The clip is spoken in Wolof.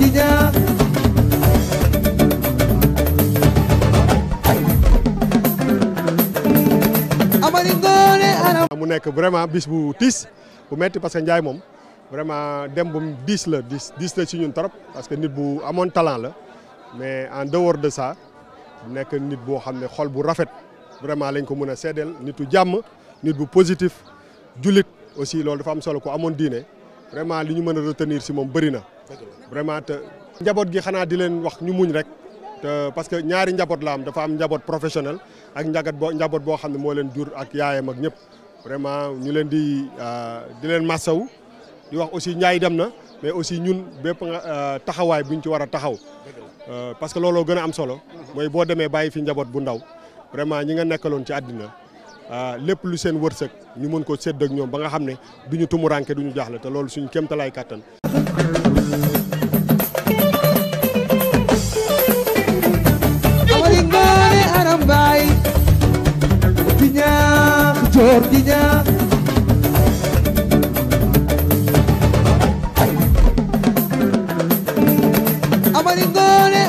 melodinya mu nekk vraiment bis bu tiis bu metti parce que vraiment dem bu diis la diis la ci bu talent la mais en dehors de ça nit bu rafet vraiment lañ ko mën a nitu nit bu positif jullit aussi loolu dafa solo vraiment li ñu mën a retenir si moom bëri na. vraiment te njaboot gi xanaa di leen wax ñu muñ rek te parce que ñaari njaboot la am dafa am njaboot professionnel ak njagat boo njaboot boo xam ne moo leen jur ak yaayam ak ñëpp vraiment ñu leen di euh, di leen massaw di wax aussi ñaay dem na mais aussi ñun bépp nga euh, taxawaay ñu ci war a taxaw euh, parce que looloo gën a am solo mooy boo demee bàyyi fi njaboot bu ndaw vraiment ñi nga nekkaloon ci àddina Euh, lépp lu seen wërsëg ñu mën ko sédd ak ñoom ba nga xam ne du ñu tumuranke du ñu jaaxle te loolu suñu kéemtalaay kàttan amari ngoone